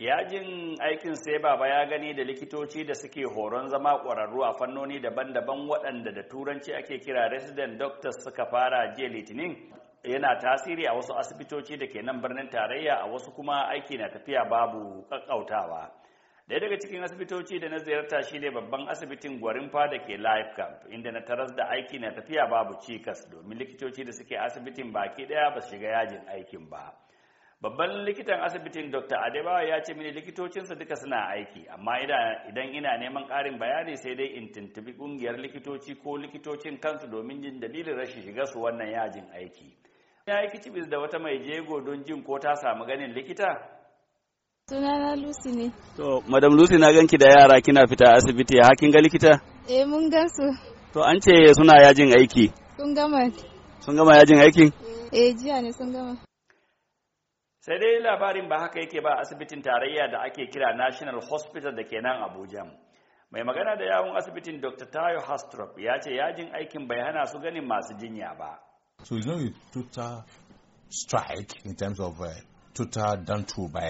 yajin aikin sai baba ya gani da likitoci da suke horon zama ƙwararru a fannoni daban-daban waɗanda da turanci ake kira resident doctors suka fara jiya litinin yana tasiri a wasu asibitoci da ke nan birnin tarayya a wasu kuma aiki na tafiya babu ƙaƙƙautawa daya daga cikin asibitoci da na ziyarta shine babban asibitin gwarin fada ke life camp inda na taras da aiki na tafiya babu cikas domin likitoci da suke asibitin baki ɗaya ba su shiga yajin aikin ba babban likitan asibitin dr adebawa ya ce mini likitocinsa duka suna aiki amma idan ina neman ƙarin bayani sai dai in tuntubi ƙungiyar likitoci ko likitocin kansu domin jin dalilin rashin shiga su wannan yajin aiki ya yi kicibis da wata mai jego don jin ko ta samu ganin likita sunana lucy ne to madam lucy na ganki da yara kina fita asibiti ha kin ga likita eh mun gansu to an ce suna yajin aiki sun gama sun gama yajin aikin eh jiya ne sun gama sai dai labarin ba haka yake ba asibitin tarayya da ake kira national hospital da ke nan abuja mai magana da yawun asibitin dr tayo hastrop ya ce yajin aikin bai hana su ganin masu jinya ba so it's not a total strike in terms of uh, total done to by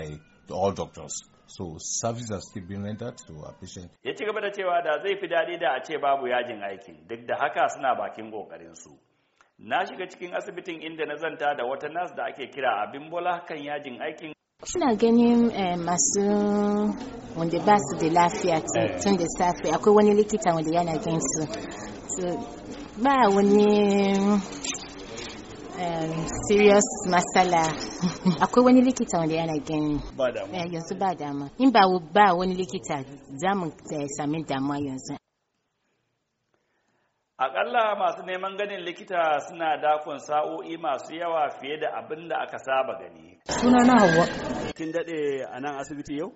all doctors so services are still being rendered to our patients. ya ci gaba da cewa da zai fi daɗi da a ce babu yajin aikin duk da haka suna bakin ƙoƙarinsu. su na shiga cikin asibitin inda na zanta da wata nas da ake kira abin bola kan yajin aikin suna ganin eh, masu wanda ba su da lafiya eh. tun da safe akwai wani likita wanda yana su ba wani eh, serious matsala akwai wani likita wanda yana gani yanzu ba dama in ba wani likita za mu sami damuwa yanzu aƙalla masu neman ganin likita suna dakon sa'o'i masu yawa fiye da abin da aka saba gani suna na hawa kin daɗe a nan asibiti yau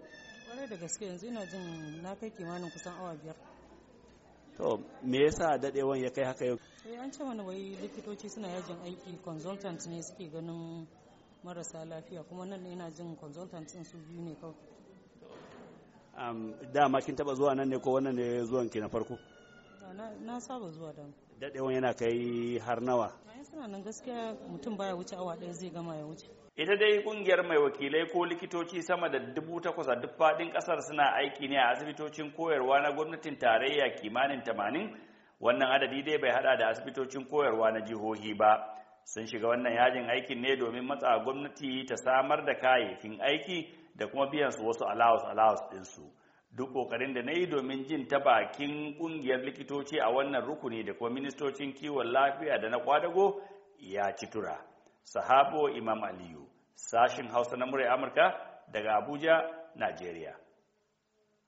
kwarai da gaske yanzu ina jin na kai kimanin kusan awa biyar to me yasa daɗewan ya kai haka yau eh an ce mana wai likitoci suna yajin aiki consultant ne suke ganin marasa lafiya kuma nan ina jin consultant din su biyu ne kawai dama kin taba zuwa nan ne ko wannan ne zuwan ki na farko na saba zuwa dadewan yana kai har nawa suna nan gaskiya mutum baya wuce awa ɗaya zai gama ya wuce ita dai kungiyar mai wakilai ko likitoci sama da dubu takwas a duk faɗin ƙasar suna aiki ne a asibitocin koyarwa na gwamnatin tarayya kimanin tamanin wannan adadi dai bai hada da asibitocin koyarwa na jihohi ba sun shiga wannan yajin aikin ne domin matsa gwamnati ta samar da kayayyakin aiki da kuma biyan su wasu allowance allowance ɗinsu duk kokarin da na yi domin jin ta bakin kungiyar likitoci a wannan rukuni da kuma ministocin kiwon lafiya da na kwadago ya ci tura sahabo imam aliyu sashin hausa na murai amurka daga abuja najeriya